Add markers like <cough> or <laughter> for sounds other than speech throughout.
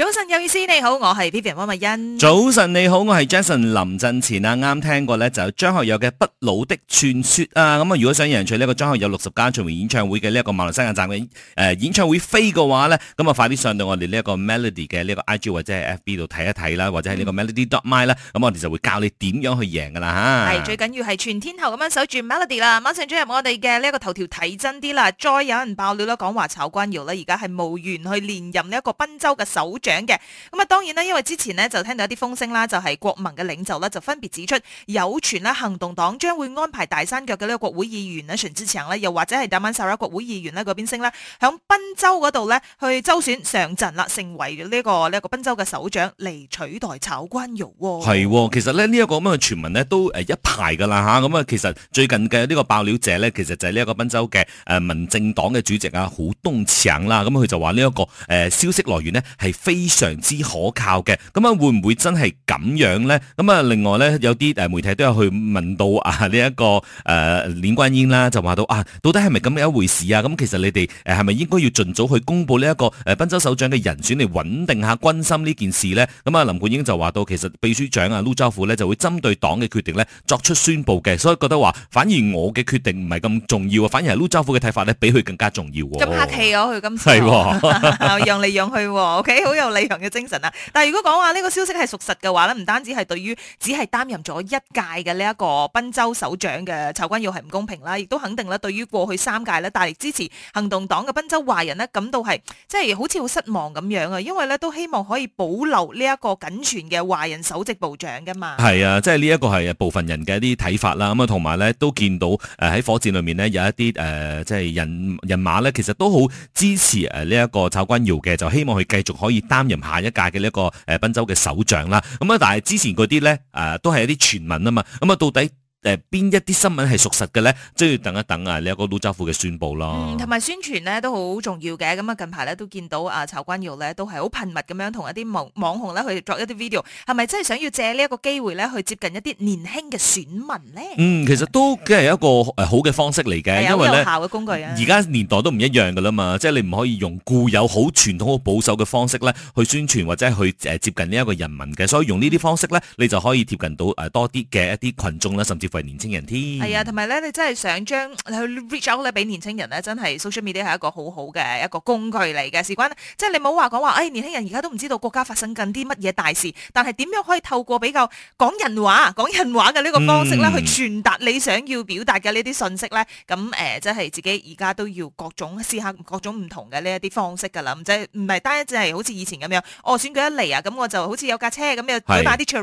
早晨有意思，你好，我係 Vivian 溫慧欣。早晨你好，我係 Jason 林振前啊，啱聽過咧就張學友嘅《不老的傳說》啊，咁、嗯、啊如果想贏取呢一個張學友六十間巡回演唱會嘅呢一個馬來西亞站嘅誒、呃、演唱會飛嘅話咧，咁、嗯、啊、嗯、快啲上到我哋呢一個 Melody 嘅呢一個 IG 或者係 FB 度睇一睇啦，或者喺呢個 Melody dot my 啦，咁我哋就會教你點樣去贏噶啦吓。係最緊要係全天候咁樣守住 Melody 啦，馬上進入我哋嘅呢一個頭條睇真啲啦，再有人爆料啦，講話曹觀友咧而家係無緣去連任呢一個檳州嘅首長。嘅咁啊，當然啦，因為之前呢，就聽到一啲風聲啦，就係、是、國民嘅領袖咧，就分別指出有傳行動黨將會安排大山腳嘅呢個國會議員呢，陳志祥呢，又或者係大滿沙拉國會議員呢邊聲呢，響賓州嗰度呢，去周選上陣啦，成為呢、這個呢、這個賓、這個、州嘅首長嚟取代曹觀友、哦。係、哦，其實呢、呢、這、一個咁嘅傳聞呢，都誒一排噶啦吓，咁啊，其實最近嘅呢個爆料者呢，其實就係呢一個賓州嘅誒民政黨嘅主席啊，胡棟強啦，咁佢就話呢一個誒消息來源呢，係非。非常之可靠嘅，咁啊會唔會真係咁樣呢？咁、這個呃、啊，另外呢，有啲誒媒體都有去問到啊呢一個誒林冠英啦，就話到啊到底係咪咁樣一回事啊？咁其實你哋係係咪應該要盡早去公布呢一個誒檳州首長嘅人選嚟穩定下軍心呢件事呢？咁啊林冠英就話到，其實秘書長啊陸兆福呢就會針對黨嘅決定呢作出宣布嘅，所以覺得話反而我嘅決定唔係咁重要，反而係陸兆福嘅睇法呢比佢更加重要。咁客氣係喎，讓嚟讓去、哦、，OK 有李陽嘅精神啦，但係如果講話呢個消息係屬實嘅話咧，唔單止係對於只係擔任咗一屆嘅呢一個檳州首長嘅曹君耀係唔公平啦，亦都肯定咧，對於過去三屆咧大力支持行動黨嘅檳州華人咧感到係即係好似好失望咁樣啊，因為咧都希望可以保留呢一個僅存嘅華人首席部長噶嘛。係啊，即係呢一個係部分人嘅一啲睇法啦。咁啊，同埋咧都見到誒喺火箭裏面咧有一啲誒即係人人馬咧，其實都好支持誒呢一個曹君耀嘅，就希望佢繼續可以。擔任下一屆嘅呢一個誒賓州嘅首長啦，咁啊，但係之前嗰啲咧誒都係一啲傳聞啊嘛，咁啊到底？誒、呃，邊一啲新聞係屬實嘅咧？即係要等一等啊，你、這、有個老州府嘅宣布咯。同、嗯、埋宣傳咧都好重要嘅。咁啊，近排咧都見到啊，曹君耀咧都係好頻密咁樣同一啲網網紅咧去作一啲 video，係咪真係想要借機呢一個機會咧去接近一啲年輕嘅選民呢？嗯，其實都即係一個、呃、好嘅方式嚟嘅，因為有效嘅工具啊。而家年代都唔一樣噶啦嘛，即係你唔可以用固有好傳統好保守嘅方式咧去宣傳或者去、呃、接近呢一個人民嘅，所以用呢啲方式咧你就可以貼近到誒、呃、多啲嘅一啲群眾啦，甚至。為年青人添，係、哎、啊，同埋咧，你真係想將去 reach out 咧，俾年青人咧，真係 social media 係一個好好嘅一個工具嚟嘅。事關即係你冇話講話，誒、哎、年輕人而家都唔知道國家發生緊啲乜嘢大事，但係點樣可以透過比較講人話、講人話嘅呢個方式咧，去傳達你想要表達嘅呢啲信息咧？咁、呃、即係自己而家都要各種思考各種唔同嘅呢一啲方式噶啦，唔即係唔係單一就係、是、好似以前咁樣，我、哦、選舉一嚟啊，咁我就好似有架車咁又啲家家戶戶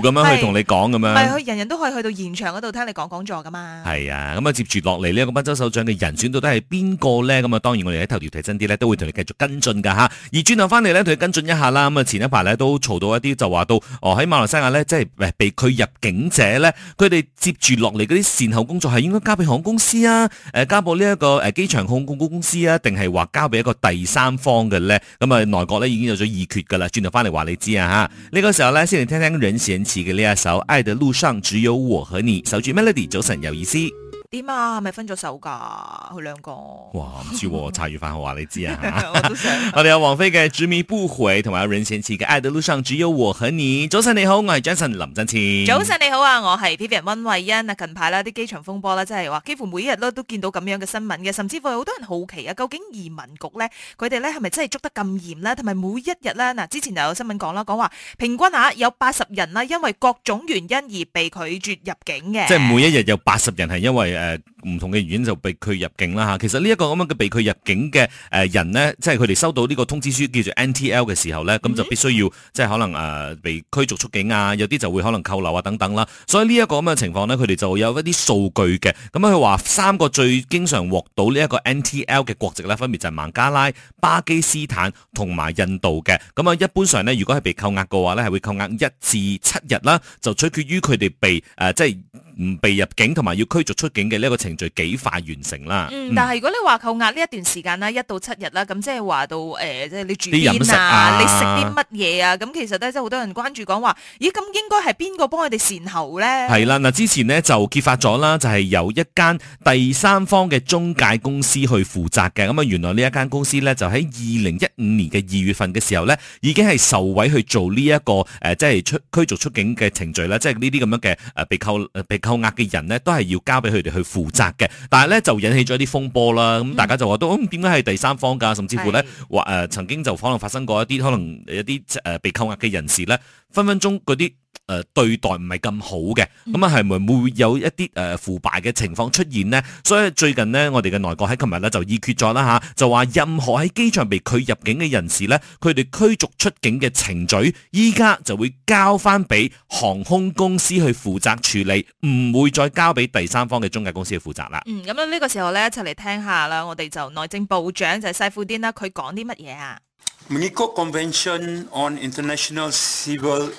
咁樣去同你講咁樣，人人都可以去到。現場嗰度聽你講講座㗎嘛，係啊，咁、嗯、啊接住落嚟呢一個檳州首長嘅人選到底係邊個呢？咁、嗯、啊當然我哋喺頭條提真啲咧，都會同你繼續跟進㗎嚇。而轉頭翻嚟咧，同你跟進一下啦。咁、嗯、啊前一排咧都嘈到一啲，就話到哦喺馬來西亞咧，即係被拒入境者咧，佢哋接住落嚟嗰啲善後工作係應該交俾航空公司啊，誒交俾呢一個誒機場控股公司啊，定係話交俾一個第三方嘅咧？咁、嗯、啊內閣咧已經有咗議決㗎啦。轉頭翻嚟話你知啊嚇，呢、這個時候咧先嚟聽聽任賢齊嘅呢一首《愛的路上只有和你守住 Melody，早晨有意思。點啊，係咪分咗手噶，佢兩個。哇，唔知喎，茶餘飯後話你知啊。我哋有王菲嘅《執迷不悔》，同埋有任賢齊嘅《愛的路上只有我和你》。早晨你好，我係 Jason 林振錢。早晨你好啊，我係 P B 溫慧欣啊。近排呢啲機場風波啦，即係話幾乎每一日都都見到咁樣嘅新聞嘅，甚至乎有好多人好奇啊，究竟移民局咧，佢哋咧係咪真係捉得咁嚴咧？同埋每一日咧，嗱之前就有新聞講啦，講話平均吓有八十人啦，因為各種原因而被拒絕入境嘅。即係每一日有八十人係因為誒。誒、呃，唔同嘅原因就被拒入境啦吓，其實呢一個咁樣嘅被拒入境嘅誒人呢，即係佢哋收到呢個通知書叫做 NTL 嘅時候呢，咁就必須要即係可能誒、呃、被驅逐出境啊，有啲就會可能扣留啊等等啦，所以呢一個咁嘅情況呢，佢哋就有一啲數據嘅，咁佢話三個最經常獲到呢一個 NTL 嘅國籍呢，分別就係孟加拉、巴基斯坦同埋印度嘅，咁啊一般上呢，如果係被扣押嘅話呢，係會扣押一至七日啦，就取決於佢哋被誒即係唔被入境同埋要驅逐出境嘅呢一個程序幾快完成啦？嗯，但係如果你話扣押呢一段時間啦，一到七日啦，咁即係話到誒，即係你住邊啊，啊？你食啲乜嘢啊？咁其實咧，即係好多人關注講話，咦？咁應該係邊個幫佢哋善後咧？係啦，嗱，之前呢就揭發咗啦，就係、是、由一間第三方嘅中介公司去負責嘅。咁啊，原來呢一間公司咧，就喺二零一五年嘅二月份嘅時候咧，已經係受委去做呢、這、一個誒、呃，即係出驅逐出境嘅程序啦。即係呢啲咁樣嘅誒、呃、被扣、呃、被扣押嘅人呢，都係要交俾佢哋。去負責嘅，但係咧就引起咗一啲風波啦。咁、嗯、大家就話都點解係第三方㗎？甚至乎咧、呃，曾經就可能發生過一啲可能一啲被扣押嘅人士咧，分分鐘嗰啲。誒、呃，對待唔係咁好嘅，咁啊係咪會有一啲誒、呃、腐敗嘅情況出現呢？所以最近呢，我哋嘅內閣喺琴日咧就議決咗啦吓，就話任何喺機場被拒入境嘅人士呢，佢哋驅逐出境嘅程序，依家就會交翻俾航空公司去負責處理，唔會再交俾第三方嘅中介公司去負責啦。嗯，咁樣呢個時候呢，一齊嚟聽下啦。我哋就內政部長就賽夫丁啦，佢講啲乜嘢啊？《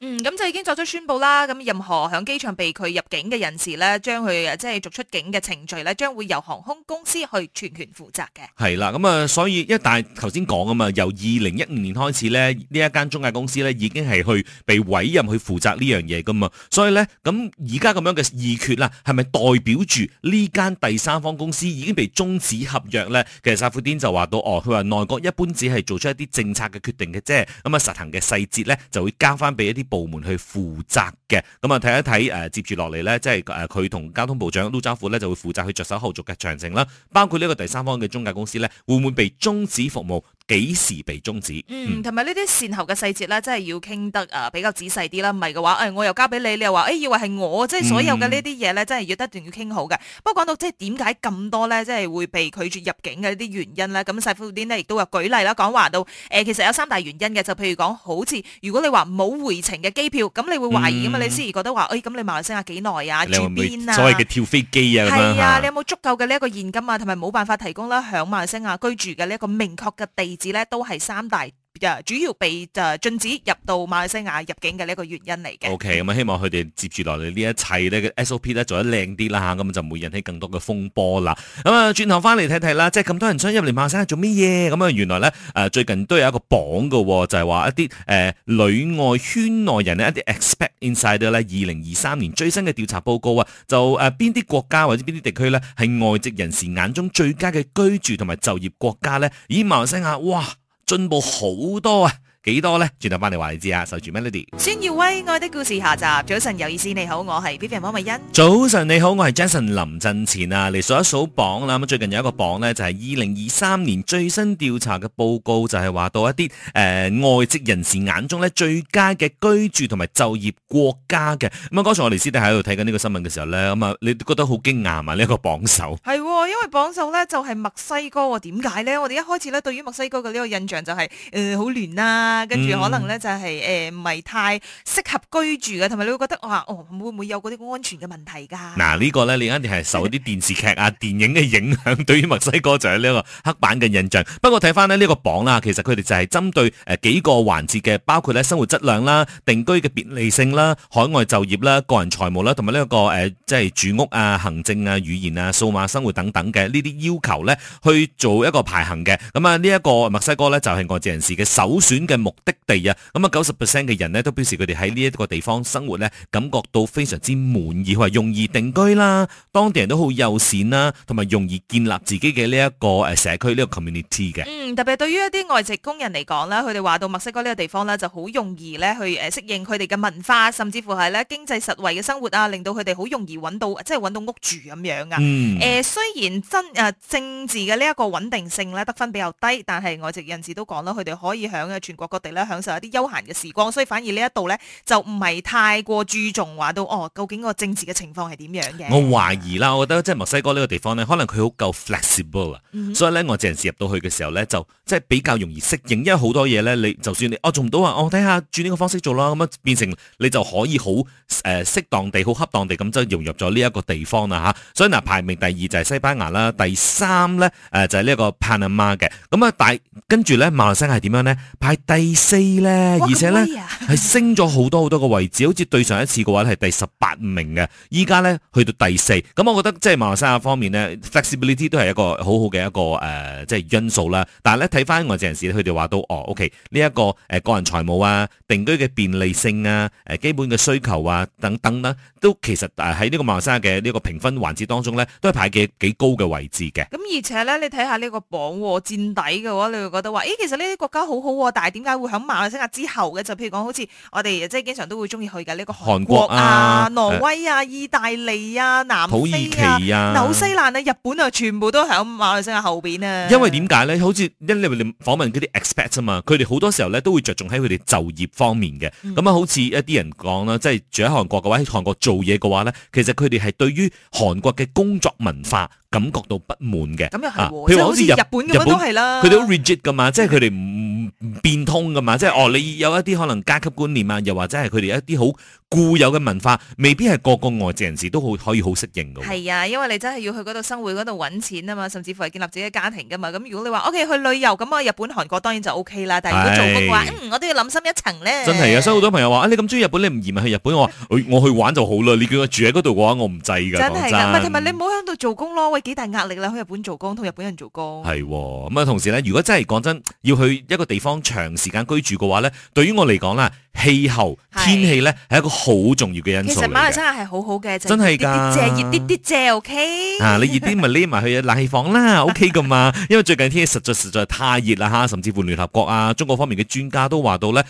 嗯，咁就已經作出宣佈啦。咁任何響機場被拒入境嘅人士呢，將佢即係逐出境嘅程序呢，將會由航空公司去全權負責嘅。係啦，咁、嗯、啊，所以一但頭先講啊嘛，由二零一五年開始呢，呢一間中介公司呢已經係去被委任去負責呢樣嘢噶嘛。所以呢，咁而家咁樣嘅議決啦，係咪代表住呢間第三方公司已經被終止合約呢？其實薩夫丁就話到，哦，佢話內閣一般只係做出一啲政策嘅決定嘅啫，咁、嗯、啊，實行嘅細節咧就會交翻俾一啲部門去負責嘅，咁啊睇一睇接住落嚟咧，即係佢同交通部長陸兆福咧就會負責去着手後續嘅詳情啦，包括呢個第三方嘅中介公司咧會唔會被終止服務？幾時被終止？嗯，同埋呢啲善後嘅細節咧，真係要傾得誒比較仔細啲啦，唔係嘅話，誒、哎、我又交俾你，你又話，誒、哎、以為係我，即、嗯、係所有嘅呢啲嘢咧，真係要不斷要傾好嘅。不過講到即係點解咁多咧，即係會被拒絕入境嘅呢啲原因咧，咁世夫呢亦都有舉例啦，講話到誒，其實有三大原因嘅，就譬如講，好似如果你話冇回程嘅機票，咁你會懷疑咁、嗯、你先而覺得話，誒、哎、咁你馬來西亞幾耐啊？住邊啊？所謂嘅跳飛機啊，係啊，你有冇足夠嘅呢一個現金啊？同埋冇辦法提供啦響馬來西亞居住嘅呢一個明確嘅地址。指咧都係三大。Yeah, 主要被就、呃、禁止入到馬來西亞入境嘅呢一個原因嚟嘅。O K，咁啊，希望佢哋接住落嚟呢一切呢嘅 S O P 咧做得靚啲啦，咁、嗯、就唔會引起更多嘅風波啦。咁、嗯、啊，轉頭翻嚟睇睇啦，即係咁多人想入嚟馬來西亞做乜嘢？咁、嗯、啊，原來咧誒、呃、最近都有一個榜嘅、哦，就係、是、話一啲誒海外圈內人咧一啲 expect inside 咧二零二三年最新嘅調查報告啊，就誒邊啲國家或者邊啲地區咧係外籍人士眼中最佳嘅居住同埋就業國家咧？咦，馬來西亞哇！進步好多啊！幾多咧？轉頭翻嚟話你知啊，守住 Melody 孫耀威《愛的故事》下集。早晨有意思，你好，我係 Vivian 汪慧欣。早晨你好，我係 Jason 林振前啊。嚟數一數榜啦。咁最近有一個榜咧，就係二零二三年最新調查嘅報告，就係、是、話到一啲誒、呃、外籍人士眼中咧最佳嘅居住同埋就業國家嘅。咁啊，剛才我哋師弟喺度睇緊呢個新聞嘅時候咧，咁啊，你都覺得好驚訝嘛？呢、這、一個榜首係、哦，因為榜首咧就係墨西哥。點解咧？我哋一開始咧對於墨西哥嘅呢個印象就係誒好亂啦、啊。跟住可能咧就係誒唔係太適合居住嘅，同埋你會覺得哇哦會唔會有嗰啲安全嘅問題噶？嗱、這個、呢個咧你姐姐肯定係受啲電視劇啊、 <laughs> 電影嘅影響，對於墨西哥就係呢個刻板嘅印象。不過睇翻呢呢個榜啦，其實佢哋就係針對誒幾個環節嘅，包括咧生活質量啦、定居嘅便利性啦、海外就業啦、個人財務啦，同埋呢一個誒即係住屋啊、行政啊、語言啊、數碼生活等等嘅呢啲要求咧去做一個排行嘅。咁啊呢一個墨西哥咧就係外籍人士嘅首選嘅。目的地啊，咁啊，九十 percent 嘅人咧都表示佢哋喺呢一個地方生活咧，感覺到非常之滿意，佢話容易定居啦，當地人都好友善啦，同埋容易建立自己嘅呢一個誒社區呢個 community 嘅。嗯，特別係對於一啲外籍工人嚟講咧，佢哋話到墨西哥呢個地方咧就好容易咧去誒適應佢哋嘅文化，甚至乎係咧經濟實惠嘅生活啊，令到佢哋好容易揾到即係揾到屋住咁樣啊。嗯。誒，雖然真誒政治嘅呢一個穩定性咧得分比較低，但係外籍人士都講啦，佢哋可以喺全國各地咧享受一啲休閒嘅時光，所以反而呢一度咧就唔係太過注重話到哦，究竟個政治嘅情況係點樣嘅？我懷疑啦，我覺得即係墨西哥呢個地方咧，可能佢好夠 flexible 啊、嗯，所以咧我暫時入到去嘅時候咧，就即係比較容易適應，因為好多嘢咧，你就算你哦做唔到啊，我睇下轉呢個方式做啦，咁樣變成你就可以好誒、呃、適當地、好恰當地咁就融入咗呢一個地方啦嚇。所以嗱、呃，排名第二就係西班牙啦，第三咧誒、呃、就係、是、呢一個 Panama 嘅。咁啊，大跟住咧馬來西亞係點樣咧？排第。第四咧，而且咧係升咗好多好多個位置，好似對上一次嘅話係第十八名嘅，依家咧去到第四。咁我覺得即係馬來西亞方面咧，flexibility 都係一個好好嘅一個誒、呃，即係因素啦。但係咧睇翻外籍人士佢哋話都哦，OK 呢、這、一個誒、呃、個人財務啊、定居嘅便利性啊、誒、呃、基本嘅需求啊等等啦、啊，都其實誒喺呢個馬來西亞嘅呢個評分環節當中咧，都係排幾幾高嘅位置嘅。咁而且咧，你睇下呢個榜墊底嘅話，你會覺得話，誒、欸、其實呢啲國家好好、啊，但係點？會響馬來西亞之後嘅就譬如講好似我哋即係經常都會中意去嘅呢個韓國啊、韓國啊、挪威啊、意大利啊、南非啊、土耳其啊、紐西蘭啊、日本啊，全部都響馬來西亞後邊啊。因為點解咧？好似因為你哋訪問嗰啲 expert 啊嘛，佢哋好多時候咧都會着重喺佢哋就業方面嘅。咁、嗯、啊，好似一啲人講啦，即係住喺韓國嘅話，喺韓國做嘢嘅話咧，其實佢哋係對於韓國嘅工作文化。感覺到不滿嘅，啊，譬如好似日本咁，日本都係啦，佢哋好 rigid 噶嘛，即係佢哋唔唔變通噶嘛，即係哦，你有一啲可能階級觀念啊，又或者係佢哋一啲好固有嘅文化，未必係各個外籍人士都好可以好適應嘅。係啊，因為你真係要去嗰度生活嗰度搵錢啊嘛，甚至乎係建立自己嘅家庭噶嘛。咁如果你話 OK 去旅遊，咁我日本、韓國當然就 OK 啦。但係如果做嘅話，嗯、我都要諗深一層咧。真係啊，所以好多朋友話、啊、你咁中意日本，你唔移民去日本我，哎、我去玩就好啦。你叫我住喺嗰度嘅話，我唔制嘅。真係啊，同埋你唔響度做工咯。幾大壓力啦，去日本做工，同日本人做工，係咁啊！咁同時咧，如果真係講真，要去一個地方長時間居住嘅話咧，對於我嚟講啦。氣候天氣咧，係一個好重要嘅因素嚟嘅。其實馬來西亞真係係好好嘅、就是，真係噶。借熱啲啲借，OK。啊，你熱啲咪匿埋去冷氣房啦 <laughs> ，OK 噶嘛。因為最近天氣實在實在太熱啦吓，甚至乎聯合國啊、中國方面嘅專家都話到咧，二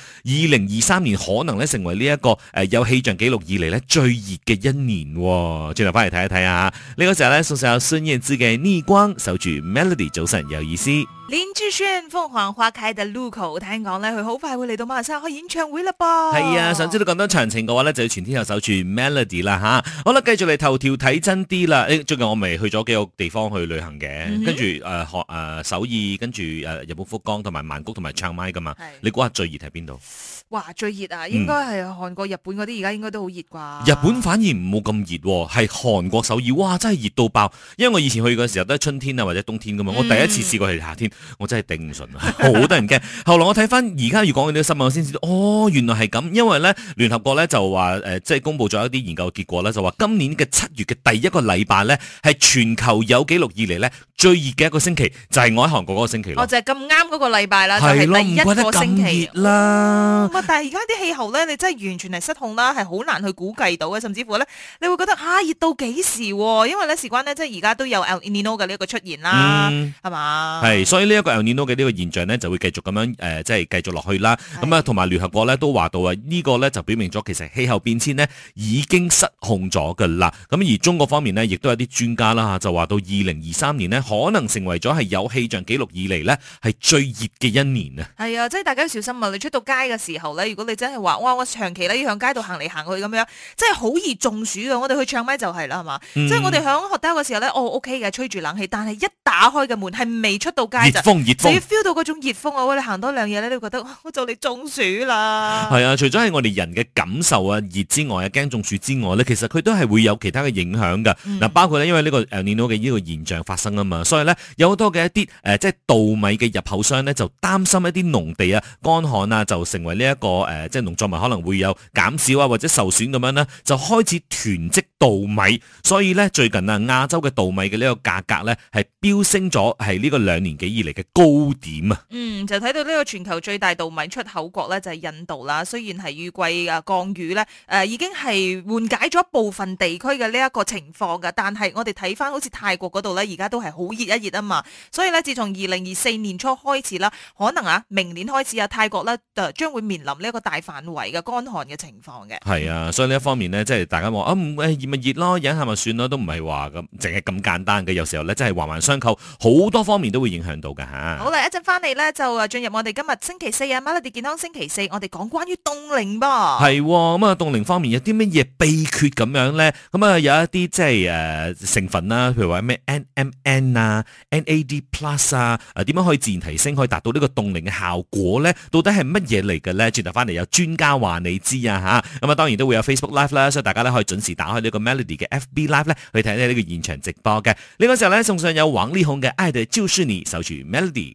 零二三年可能咧成為呢、這、一個誒、呃、有氣象記錄以嚟咧最熱嘅一年。轉頭翻嚟睇一睇啊，呢、這個時候咧送上有孫燕姿嘅逆光，守住 Melody，早晨有意思。林志炫鳳凰花開的路口，聽講咧佢好快會嚟到馬來西亞開演唱會啦噃。係啊，想知道咁多詳情嘅話咧，就要全天候守住 Melody 啦吓。好啦，繼續嚟頭條睇真啲啦。誒、欸，最近我咪去咗幾個地方去旅行嘅、嗯，跟住誒、呃、學誒首爾，跟住誒日本福岡同埋曼谷同埋唱麥噶嘛。你估下最熱喺邊度？哇，最熱啊，應該係韓國、日本嗰啲，而家應該都好熱啩。日本反而唔冇咁熱，係韓國、首爾哇，真係熱到爆。因為我以前去嘅時候都係春天啊或者冬天噶嘛，我第一次試過係夏天。嗯我真係頂唔順啊，好得人驚。 <laughs> 後來我睇翻而家要講嘅呢個新聞，我先知道哦，原來係咁。因為咧，聯合國咧就話誒、呃，即係公布咗一啲研究結果咧，就話今年嘅七月嘅第一個禮拜咧，係全球有紀錄以嚟咧，最熱嘅一個星期就係我喺韓國嗰個星期咯，就係咁啱嗰個禮拜啦，就係一個星期啦，係咯，唔怪得咁熱，嗯、但係而家啲氣候咧，你真係完全係失控啦，係好難去估計到嘅，甚至乎咧你會覺得啊熱到幾時候呢？因為咧事關咧即係而家都有 El Nino 嘅呢個出現啦，係、嗯、嘛？係，所以呢一個 El Nino 嘅呢個現象咧就會繼續咁樣誒，即係繼續落去啦。咁、嗯、啊，同埋聯合國咧都話到啊，呢個咧就表明咗其實氣候變遷咧已經失。控咗噶啦，咁而中國方面呢，亦都有啲專家啦，就話到二零二三年呢，可能成為咗係有氣象記錄以嚟呢，係最熱嘅一年啊！係啊，即係大家要小心啊！你出到街嘅時候呢，如果你真係話哇，我長期呢要向街度行嚟行去咁樣，真係好易中暑啊。我哋去唱咪就係啦，係嘛、嗯？即係我哋響學校嘅時候呢，OK 嘅，吹住冷氣，但係一打開嘅門係未出到街就熱風熱風，feel 到嗰種熱風啊！我哋行多兩嘢，你都會覺得我做你中暑啦。係啊，除咗係我哋人嘅感受啊熱之外啊，驚中暑之外呢。其實佢都係會有其他嘅影響㗎，嗱、嗯、包括咧，因為呢、這個誒暖 o 嘅呢個現象發生啊嘛，所以咧有好多嘅一啲即係稻米嘅入口商咧就擔心一啲農地啊乾旱啊，就成為呢、這、一個即係、呃就是、農作物可能會有減少啊或者受損咁樣咧，就開始囤積。稻米，所以咧最近啊，亞洲嘅稻米嘅呢個價格咧係飆升咗，係呢個兩年幾以嚟嘅高點啊。嗯，就睇到呢個全球最大稻米出口國咧就係印度啦，雖然係雨季啊降雨咧，誒已經係緩解咗部分地區嘅呢一個情況嘅，但係我哋睇翻好似泰國嗰度咧，而家都係好熱一熱啊嘛，所以咧自從二零二四年初開始啦，可能啊明年開始啊泰國咧誒將會面臨呢一個大範圍嘅乾旱嘅情況嘅。係啊，所以呢一方面咧，即係大家話啊唔誒。咪熱咯，忍下咪算咯，都唔係話咁，淨係咁簡單嘅。有時候咧，真係環環相扣，好多方面都會影響到嘅吓。好啦，一陣翻嚟咧，就誒進入我哋今日星期四啊，Melody 健康星期四，我哋講關於凍齡噃。係咁啊，凍齡方面有啲乜嘢秘訣咁樣咧？咁啊，有一啲即係誒成分啦，譬如話咩 NMN 啊、NAD Plus 啊，誒、啊、點樣可以自然提升，可以達到呢個凍齡嘅效果咧？到底係乜嘢嚟嘅咧？轉頭翻嚟有專家話你知啊吓。咁啊，當然都會有 Facebook Live 啦，所以大家咧可以準時打開呢、這個。Melody 嘅 FB Live 咧，去睇睇呢個現場直播嘅。另外呢個時候咧，送上有王力宏嘅《愛的就是你》守住 Melody。